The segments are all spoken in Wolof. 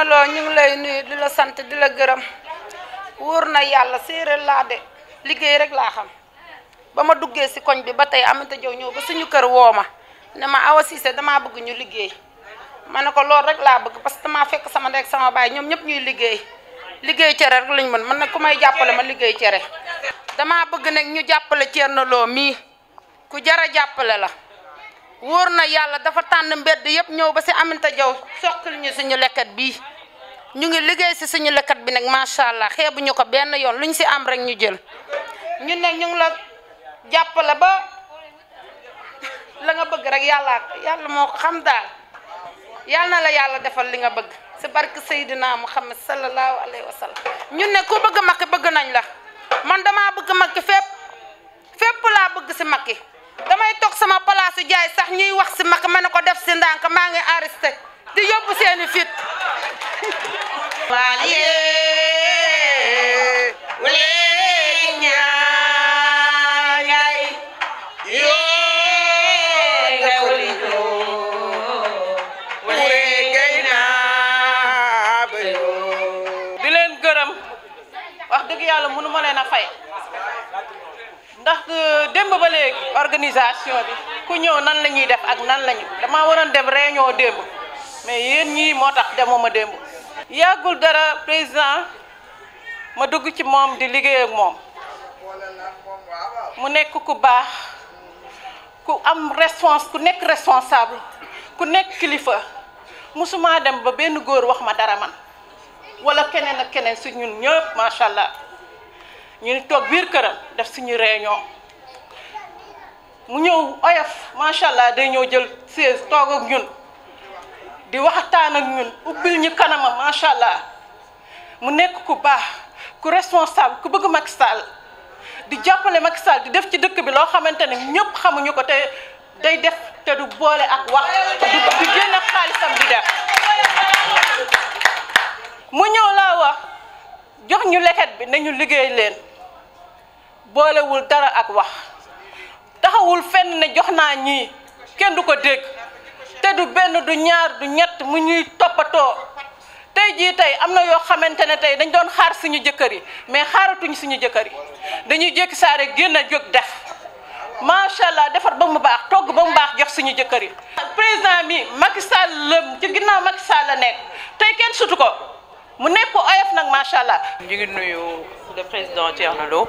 Soxna ñu ngi lay nuyu di la sant di la gërëm wóor na yàlla séeréer laa de liggéey rek laa xam ba ma duggee si koñ bi ba tey amante jow ñëw ba suñu kër woo ma ne ma Awa Cissé damaa bëgg ñu liggéey ma ne ko loolu rek laa bëgg parce que damaa fekk sama ndey sama baay ñoom ñëpp ñuy liggéey liggéey cere rek lañ mën mën nag ku may jàppale ma liggéey cere dama bëgg nag ñu jàppale na loo mii ku jara jàppale la wóor na yàlla dafa tànn mbedd yëpp ñëw ba si Aminta Diaw soqal ñu suñu lekket bii ñu ngi liggéey si suñu lekkat bi nag macha allah xeebuñu ko benn yoon lu ñu si am rek ñu jël ñun nag ñu ngi la ba la nga bëgg rek yàlla yàlla moo ko xam daal yàlla na la yàlla defal li nga bëgg si barke Seydina Muhammad sallallahu alayhi wa sallam ñu ne ku bëgg makki bëgg nañ la man dama bëgg makki fépp fépp laa bëgg si makki. damay toog sama place jaay sax ñuy wax si mag ma ne ko def si ndànk maa ngi arrêté di yóbbu seeni fit. organisation bi ku ñëw nan la ñuy def ak nan lañu damaa waroon dem réunion démb mais yéen ñii moo tax demuma démb yàggul dara président ma dugg ci moom di liggéey ak moom mu nekk ku baax ku am respons ku nekk responsable ku nekk kilifa musuma dem ba benn góor wax ma dara man wala keneen ak keneen su ñun ñëpp macha allah ñu toog biir këram def suñu réunion. mu ñëw oyof macha allah day ñëw jël chaise toog ak ñun di waxtaan ak ñun ubbil ñu kanamam macha allah mu nekk ku baax ku responsable ku bëgg Macky Sall di jàppale Macky Sall di def ci dëkk bi loo xamante ne ñëpp xamuñu ko te day def te du boole ak wax du génn xaalisam di def mu ñëw laa wax jox ñu leket bi ne ñu liggéey leen boolewul dara ak wax taxawul fenn ne jox naa ñii kenn du ko dégg te du benn du ñaar du ñett mu ñuy toppatoo tey jii tey am na yoo xamante ne tey dañ doon xaar suñu jëkkër yi mais xaaratuñ suñu jëkkër yi dañuy jékki saare génn a jóg def macha allah defar ba mu baax togg ba mu baax jox suñu jëkkër yi. président mi Macky Sall la ci ginnaaw Macky la nekk tey kenn sutu ko mu nekk oyof nag macha allah. ñu ngi nuyu le président Thierno Lo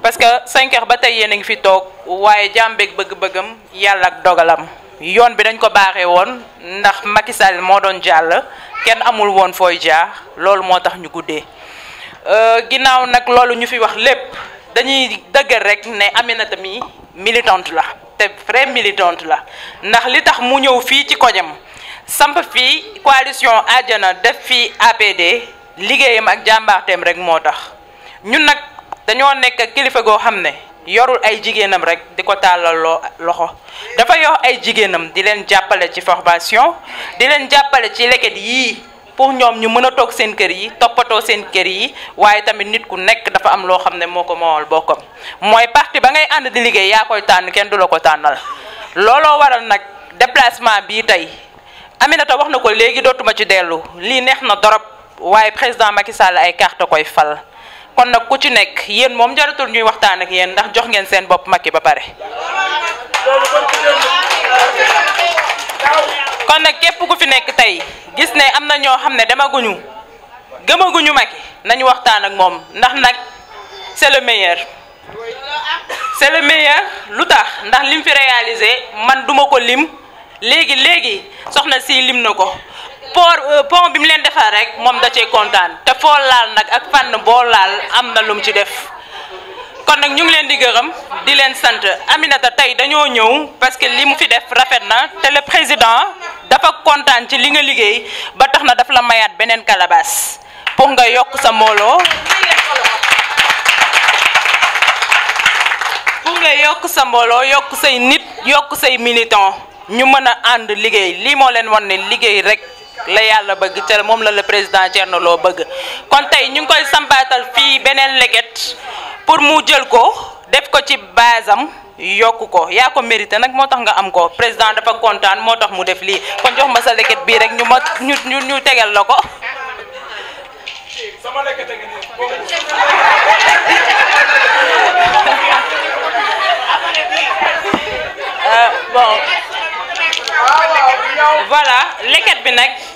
parce que 5 heures ba tey yéen a ngi fi toog ak dogalam yoon bi dañ ko baaxee woon ndax Macky Sall moo doon jàll kenn amul won fooy jaar loolu moo tax ñu guddee euh, ginnaaw nag loolu ñu fi wax lépp dañuy dëggal rek ne Aminata mi militante la te vrai militante la ndax li tax mu ñëw fii ci koñam samp fii coalition Adiana def fii APD liggéeyam ak jàmbaarteem rek moo ñun dañoo nekk kilifa goo xam ne yorul ay jigéenam rek di ko tàllal loxo dafa yor ay jigéenam di leen jàppale ci formation di leen jàppale ci leket yii pour ñoom ñu mën a toog seen kër yi toppatoo seen kër yi waaye tamit nit ku nekk dafa am loo xam ne moo ko moomal bokkam mooy parti ba ngay ànd di liggéey yaa koy tànn kenn du la ko tànnal looloo waral nag déplacement bii tey Aminata wax na ko léegi dootuma ci dellu lii neex na dorop waaye président Macky Sall ay carte koy fal kon nak ku ci nekk yéen moom jaratul ñuy waxtaan ak yeen ndax jox ngeen seen bop makki ba pare. kon nak képp ku fi nek tay gis ne amna ño ñoo dama guñu gëma guñu makki nañ waxtaan ak mom ndax nak c'est le meilleur. c'est le meilleur lutax ndax lim fi réaliser man duma ko lim légui légui soxna si lim nako port euh, pont bi mu leen defal rek moom da cee kontaan te foo laal nag ak fànn boo laal am na lu mu ci def kon nag ñu ngi leen di gërëm di leen sant Aminata tey dañoo ñëw parce que li mu fi def rafet na te la président dafa kontaan ci li nga liggéey ba tax na daf la mayaat beneen kalabaas pour nga yokk sa mbooloo pour nga yokk sa mbooloo yokk say nit yokk say militant ñu mën a ànd liggéey lii moo leen wan ne liggéey rek la yàlla bëgg te moom la la président na loo bëgg kon tey ñu ngi koy sampaatal fii beneen leket pour mu jël ko def ko ci baasam yokk ko yaa ko mérité nag moo tax nga am ko président dafa kontaan moo tax mu def lii kon jox ma sa leket bii rek ñu ma ñu ñu ñu tegal la ko. Euh, bon ah, voilà leket bi nag.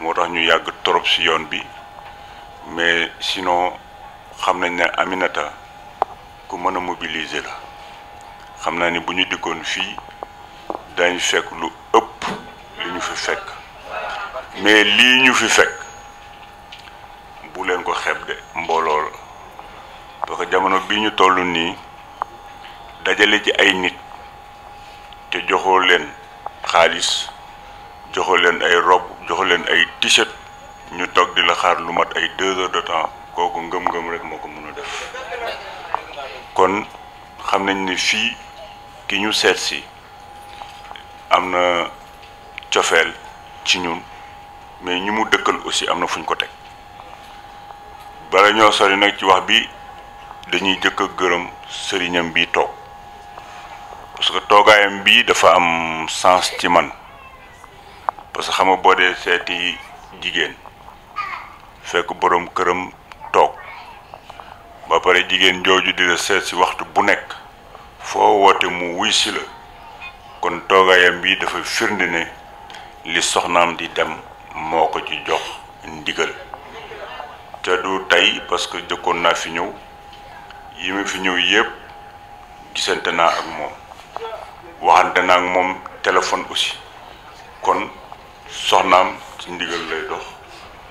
moranu tax ñu yag torop ci yoon bi mais sinon xam nañ ne aminata ku mën a mobiliser la xam naa ni bu ñu dikkoon fii fekk lu ëpp li ñu fi fekk mais lii fi fekk bu leen ko xeb de mbooloo la parce que jamono bi ñu toll nii dajale ci ay nit te joxoo leen xaalis joxoo leen ay jox leen ay t-shirt ñu toog di la xaar lu mat ay deux heures de temps kooku ngëm-ngëm rek moo ko mën a def kon xam nañ ni fii ki ñu seet si am na cofeel ci ñun mais ñu mu dëkkal aussi am na fu ñu ko teg bala ñoo sori nag ci wax bi dañuy jëkk a gërëm sëriñam bi toog parce que toogaayam bii dafa am sens ci man parce que xam nga boo dee seeti jigéen fekk boroom këram toog ba pare jigéen jooju di la seet si waxtu bu nekk foo woote mu wuy si la kon toogaayam bi dafa firnde ne li soxnaam di dem moo ko ci jox ndigal te du tey parce que jëkkoon naa fi ñëw yi ma fi ñëw yépp gisante naa ak moom waxante naa ak moom téléphone aussi kon soxnaam ci ndigal lay dox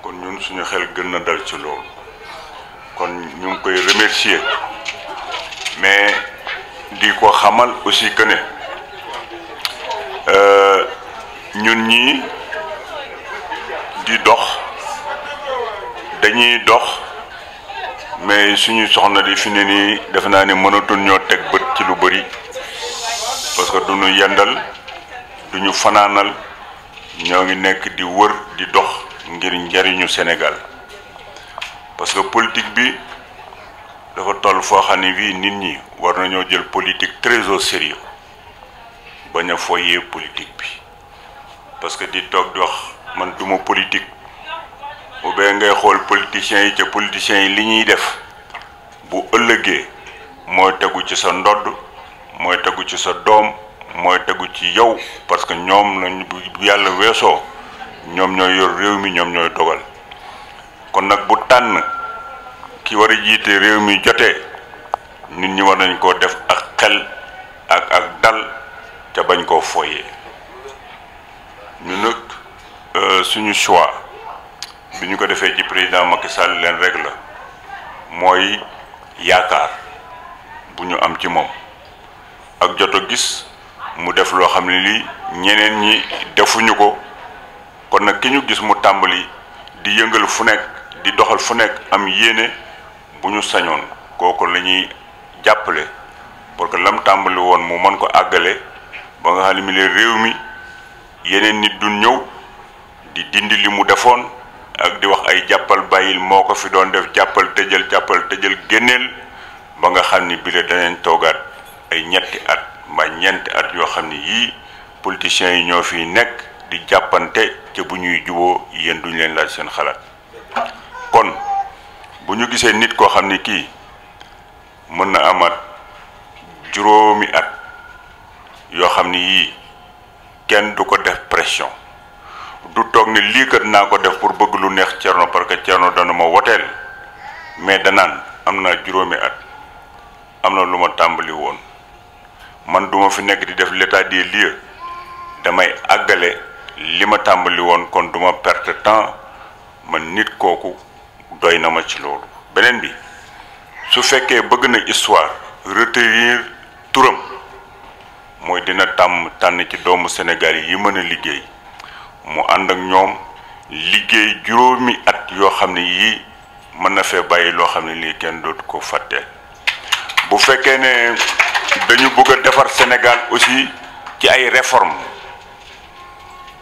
kon ñun suñu xel gën na dal ci loolu kon ñu ngi koy remercier mais di ko xamal aussi que ne euh, ñun ñii di dox dañuy dox mais suñu soxna di fi ne nii defe naa ne mënatul ñoo teg bët ci lu bëri parce que du ñu yendal du fanaanal. ñoo ngi nekk di wër di dox ngir njariñu Sénégal parce que politique bi dafa toll foo xam ne bii nit ñi war nañoo jël politique très au sérieux bañ a foyee politique bi parce que di toog di wax man duma politique bu bee ngay xool politiciens yi ca politiciens yi li ñuy def bu ëllëgee mooy tegu ci sa ndodd mooy tegu ci sa doom mooy tegu ci yow parce que ñoom lañ bu yàlla weesoo ñoom ñooy yor réew mi ñoom ñooy dogal kon nag bu tànn ki war a jiite réew mi jotee nit ñi war nañ koo def ak xel ak ak dal ca bañ koo foyee ñu nag euh, suñu choix bi ñu ko defee ci président Macky Sall leen rek la mooy yaakaar bu ñu am ci moom ak jot gis mu def lo xamni li ñeneen ñi defuñu ko kon nak ki gis mu tambali di yëngal fu nek di doxal fu nek am yene buñu sañoon kooku lañuy jappalé pour que lam tambali won mu man ko agalé ba nga xam ne mi mi yeneen nit du ñew di dindi li mu defoon ak di wax ay jappal bayil moko fi doon def jappal tejeel jappal tejeel gennel ba nga xamni bi le dañen ay ñetti ba ñent at yo xamni yi politiciens yi ñoo fi nek di jappante ci bu ñuy juwo yeen duñ leen la seen xalaat kon bu ñu gisee nit ko xamni ki kii mën na amaat juróomi at yo xamni yi kenn du ko def pression du tok ne li kat na ko def pour bëgg lu neex cerno parce que cerno dana ma wotel mais danaan am naa at amna na tambali won man duma fi nekk di def l'état des lieux damay àggale li ma tàmbali woon kon duma perte temps man nit kooku doy na ma ci loolu beneen bi su fekkee bëgg na histoire retenir turam mooy dina tàmm tànn ci doomu Sénégal yi mën a liggéey mu ànd ak ñoom liggéey juróomi at yoo xam ne yii mën na fee bàyyi loo xam ne lii kenn dootu ko fàtte bu fekkee ne dañu bëgg defar Sénégal aussi ci ay réforme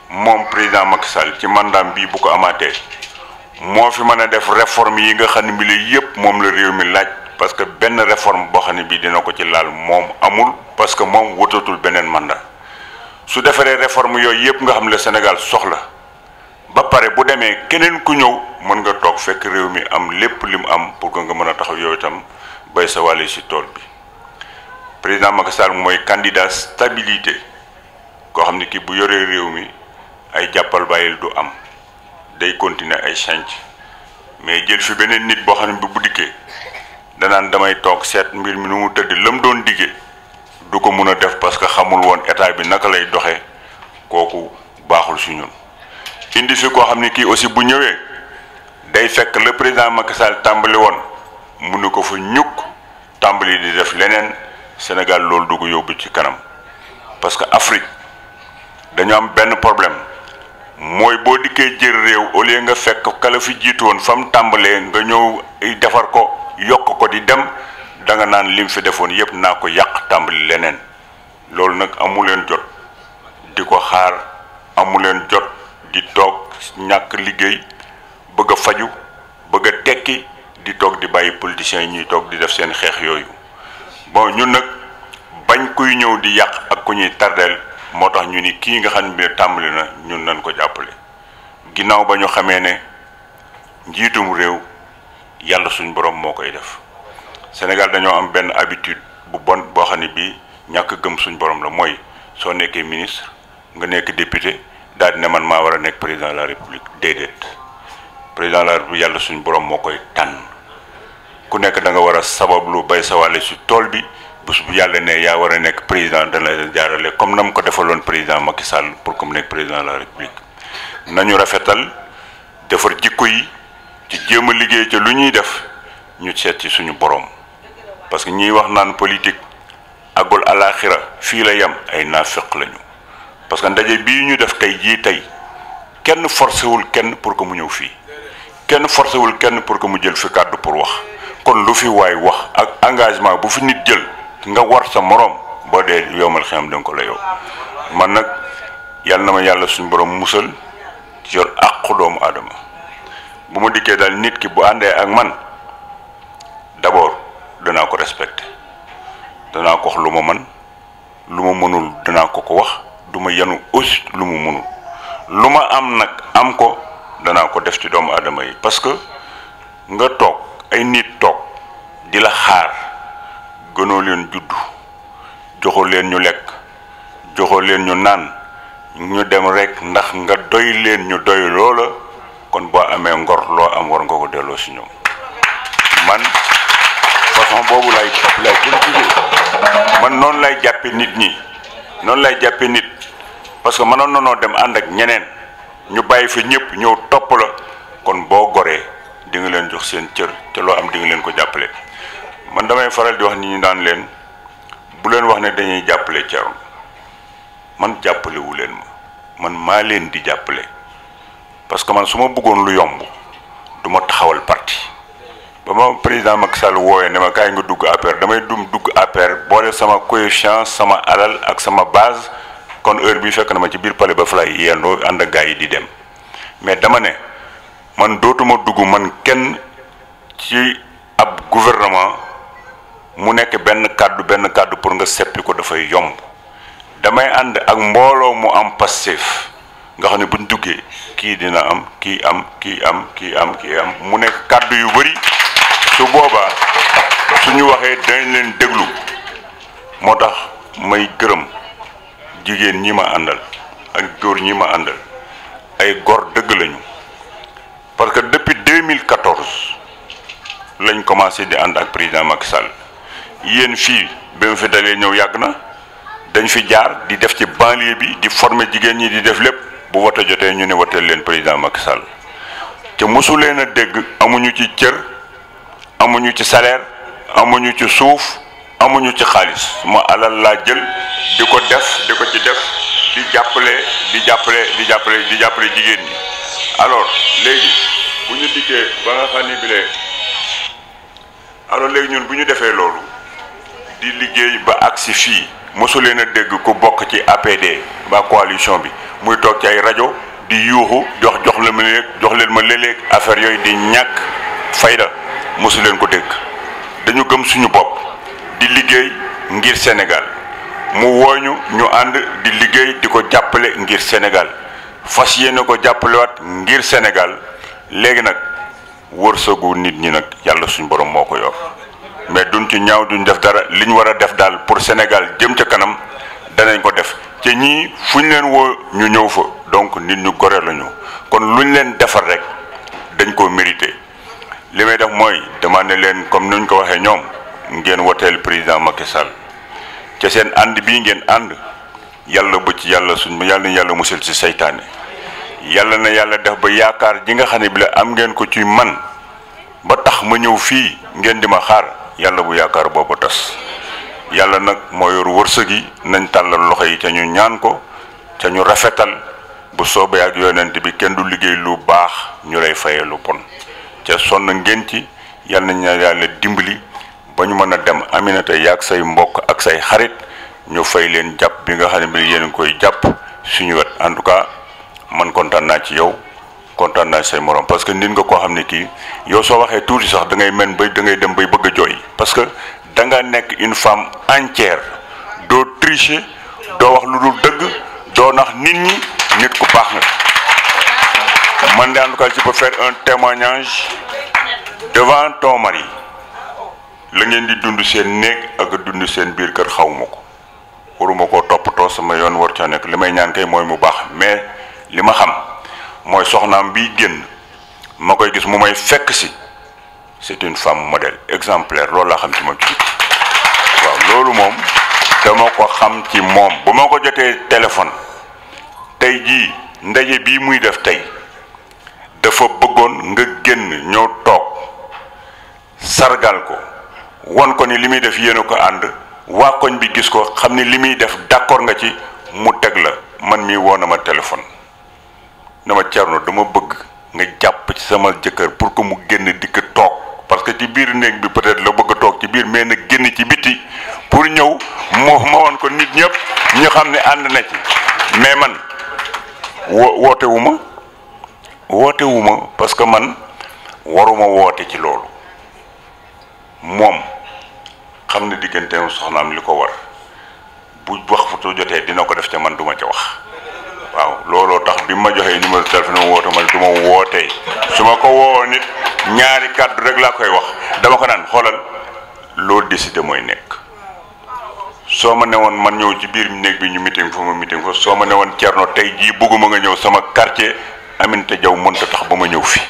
moom président Macky Sall ci mandam bi bu ko amaté moo fi mën def réforme yi nga xam ne bi la yëpp moom la réew mi laaj parce que benn réforme boo xam ne dina ko ci laal moom amul parce que moom wutatul beneen mandat su defaree réforme yooyu yëpp nga xam le Sénégal soxla ba pare bu demee keneen ku ñëw mën nga toog fekk réew mi am lépp lim am pour que nga mën a taxaw yow itam bay sa si tool bi président Macky Sall mooy candidat stabilité koo xam ne kii bu yoree réew mi ay jàppal bàyyil du am day continuer ay change mais jël fi beneen nit boo xam ne bi bu dikkee danaan damay toog seet mbir mi nu mu tëdd la mu doon diggee du ko mun a def parce que xamul woon état bi naka lay doxee kooku baaxul si ñun indi fi koo xam ne kii aussi bu ñëwee day fekk le président Macky Sall tàmbali woon mu ne ko fa ñukk tàmbali di def leneen Sénégal lol dugu yobu ci kanam parce que Afrique dañu am ben problème moy bo diké jël réew au lieu nga fekk kala fi jitu won fam tambalé nga ñew eh, défar ko yok ko di dem da nga naan lim fi defoon yépp naa ko yàq tàmbali leneen loolu nag amu leen jot di ko xaar amu leen jot di toog ñàkk liggéey bëgg a faju bëgg a tekki di toog di bàyyi politiciens ñuy di def seen xeex yooyu bon ñun nak bañ kuy ñew di yak ak ku ñuy tardel motax ñu ni ki nga xam bi tambali na ñun nañ ko jappalé ginnaw bañu xamé né njitum rew yalla suñ borom mo koy def sénégal dañu am ben habitude bu bon bo xamni bi ñak gëm suñ borom la moy so nekké ministre nga nekk député daal ne man ma wara nekk président de la république déedéet président la république suñ borom mo koy tan. ku nekk da nga war a sabablu bay sawale si tool bi bés bu yàlla ne yaa war a nekk président dana la jaarale comme na mu ko defaloon président Macky Sall pour que mu nekk président de la république nañu rafetal defar jikko yi ci jéem a liggéey ca lu ñuy def ñu seet ci suñu borom parce que ñiy wax naan politique agul alaxira fii la yem ay naafeq lañu parce que ndaje bi ñu def tey jii tey kenn forcé wul kenn pour que mu ñëw fii kenn forcé wul kenn pour que mu jël fi kàddu pour wax. kon lu fi waay wax ak engagement bu fi nit jël nga war sa morom bo de yowmal xam manak ko la yow man nak yalla nama yalla suñu borom musal jor yor doomu adama bu ma dikkee daal nit ki bu ande ak man d'abord dana ko respecter dana ko wax luma man luma mënul dana ko ko wax duma yanu os luma mënul luma am nak am ko dana ko def ci doomu adama yi parce que nga tok ay nit tok di la xaar gënoo leen judd joxoo leen ñu lekk joxoo leen ñu naan ñu dem rek ndax nga doy leen ñu doy loola kon boo amee ngor loo am war nga ko delloo si ñoom man façon boobu lay lay cultiver man non lay jàppe nit ñi noonu lay jàppe nit parce que non nanoo dem ànd ak ñeneen ñu bàyyi fi ñëpp ñëw topp la kon boo goree jox seen cër te loo am di ngeen ko jàppale man damay faral di wax ni ñu daan leen bu leen wax ne dañuy jàppale Thierno man jàppale wu leen ma man maa leen di jàppale parce que man su bëggoon lu yomb du ma taxawal parti ba ma président Macky Sall woowee ne ma kaay nga dugg APR damay dum dugg APR boole sama coefficient sama alal ak sama base kon heure bi fekk na ma ci biir palais ba fa lay yendoo ak gars di dem mais dama ne. man dootuma dugg man kenn ci ab gouvernement mu nekk benn kàddu benn kàddu pour nga seppi ko dafay yomb damay ànd ak mbooloo mu am passif nga xam ne buñ duggee kii dina am kii am kii am kii am kii am mu nekk kàddu yu bëri su boobaa suñu waxee dañ leen déglu moo tax may gërëm jigéen ñi ma àndal ak góor ñi ma àndal ay gor dëgg lañu parce que depuis 2014 lañ commencé di and ak président Macky Sall yeen fi ba fi dalé ñew yagna dañ fi jaar di def ci banlieue bi di former jigen ñi di def lépp bu wote joté ñu ne wotel leen président Macky Sall te mosu leen dégg amuñu ci cër amuñu ci salaire amuñu ci souf amuñu ci xaalis mo alal la jël diko def diko ci def di jàppale di jàppale di jàppale di jàppale jigen ñi. alors léegi bu ñu dikkee ba nga xam bilee alors léegi ñun bu ñu defee loolu di liggéey ba agsi fii mosu leen a dégg ku bokk ci APD ba coalition bi muy toog ci ay rajo di yuuxu jox jox la ma léeg jox leen ma léeg affaire yooyu di ñàkk fayda mësuleen ko dégg dañu gëm suñu bopp di liggéey ngir Sénégal mu wooñu ñu ànd di liggéey di ko jàppale ngir Sénégal fas yéene ko jàppalewaat ngir Sénégal léegi nag wërsëgu nit ñi nag yàlla suñ borom moo ko yor mais duñ ci ñaaw duñ def dara li ñu war a def daal pour Sénégal jëm ca kanam danañ ko def te ñii fu ñu leen woo ñu ñëw fa donc nit ñu gore lañu kon lu ñu leen defar rek dañ koo mérité li may def mooy demandé leen comme nuñ ko waxee ñoom ngeen woteel président Macky Sall ca seen ànd bii ngeen ànd yàlla ba yàlla suñ yàlla yàlla musal ci seytaane yalla na yalla def ba yaakar ji nga xam bla am ngeen ko ci man ba tax ma ñew fi ngeen di ma xaar yalla bu yaakar bobu tas yalla nak mo yor wërsëg yi nañ talal loxey ca ñu ñaan ko ca ñu rafetal bu soobe ak yonent bi kenn du liggey lu baax ñu lay fayé lu bon ca son ngeen ci yalla nañ yalla dimbali ba ñu dem aminata yaag say mbokk ak say xarit ñu fay leen japp bi nga xam ne koy japp suñu wet en tout cas man kontaan na ci yow kontaan na say morom parce que nin nga ko xamni ki yo so waxe touti sax da ngay men bay da ngay dem bay bëgg joy parce que da nga nek une femme entière do tricher do wax lu dul deug do nax nit ñi nit ku bax man ci faire un témoignage devant ton mari la ngeen di dund seen nek ak dund seen biir kër xawma ko waruma koo sama yoon war ca nek limay ñaan kay moy mu bax mais lima xam moy soxnam bi genn makoy gis mu may fekk ci c'est une femme modèle exemplaire lolou la xam ci mom ci waaw loolu moom dama ko xam ci mom bu mako jotté téléphone tay ji ndaje bi muy def tey dafa bëggoon nga genn ñëw toog sargal ko won ko ni limi def yéen ko and wa koñ bi gis ko xamni limi def d'accord nga ci mu tegg la man mi wonama téléphone dama ma dama bëgg nga japp ci sama jëkkër pour que mu génn dikk toog parce que ci biir néeg bi peut être la bëgg a toog ci biir mais na génn ci biti pour ñëw mo ma won ko nit ñëpp ñu xam ne ànd na ci mais man wo woote wu woote parce que man waruma woote ci loolu moom xam ne digganteem soxnaam li ko war bu wax fu jotee dina ko def ca man duma ca wax waaw looloo tax bi ma joxe numéro téléphone am woote ma duma ma suma ko wo nit ñaari kaddu rek la koy wax dama ko nan xolal lo décidé moy nek soo ma man ñew ci bir nek bi ñu meeting fu ma meeting fa soo ma ne woon Thierno tey nga ñew sama quartier Aminata Diaw monta tax ba ma ñëw fi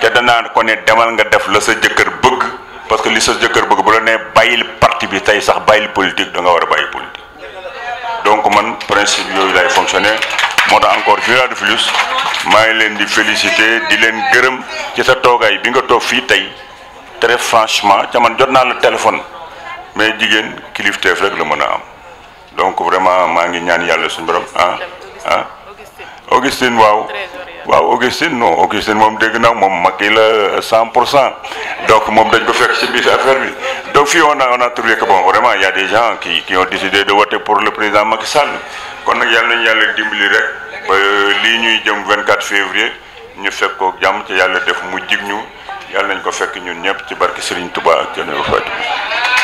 te danaa ko ne demal nga def la sa jëkkër bëgg parce que li sa jëkkër bëgg bu la ne bayil parti bi tay sax bayil politique da nga wara bayil politique donc man principe yooyu lay fonctionner moo tax encore fii de plus maa ngi leen di féliciter di leen gërëm ci sa toogaay bi nga toog fii tey très franchement ca man jot naa la téléphone mais jigéen kilifteef rek la mën a am donc vraiment maa ngi ñaan yàlla suñu borom ah ah Augustine waaw waaw Augustine non Augustine moom dégg naa moom mag yi la cent pour cent donc moom dañ ko fekk ci biir affaire bi donc fi on a on a trouvé que bon vraiment y a des gens qui qui de voter pour le président Macky Sall. kon nag yàlla nañu yàlla dimbali rek ba lii ñuy jëm 24 février ñu fekk ko jàmm ci yàlla def mu jig ñu yàlla nañ ko fekk ñun ñëpp ci barke Serigne Touba ak Thierno Fatou.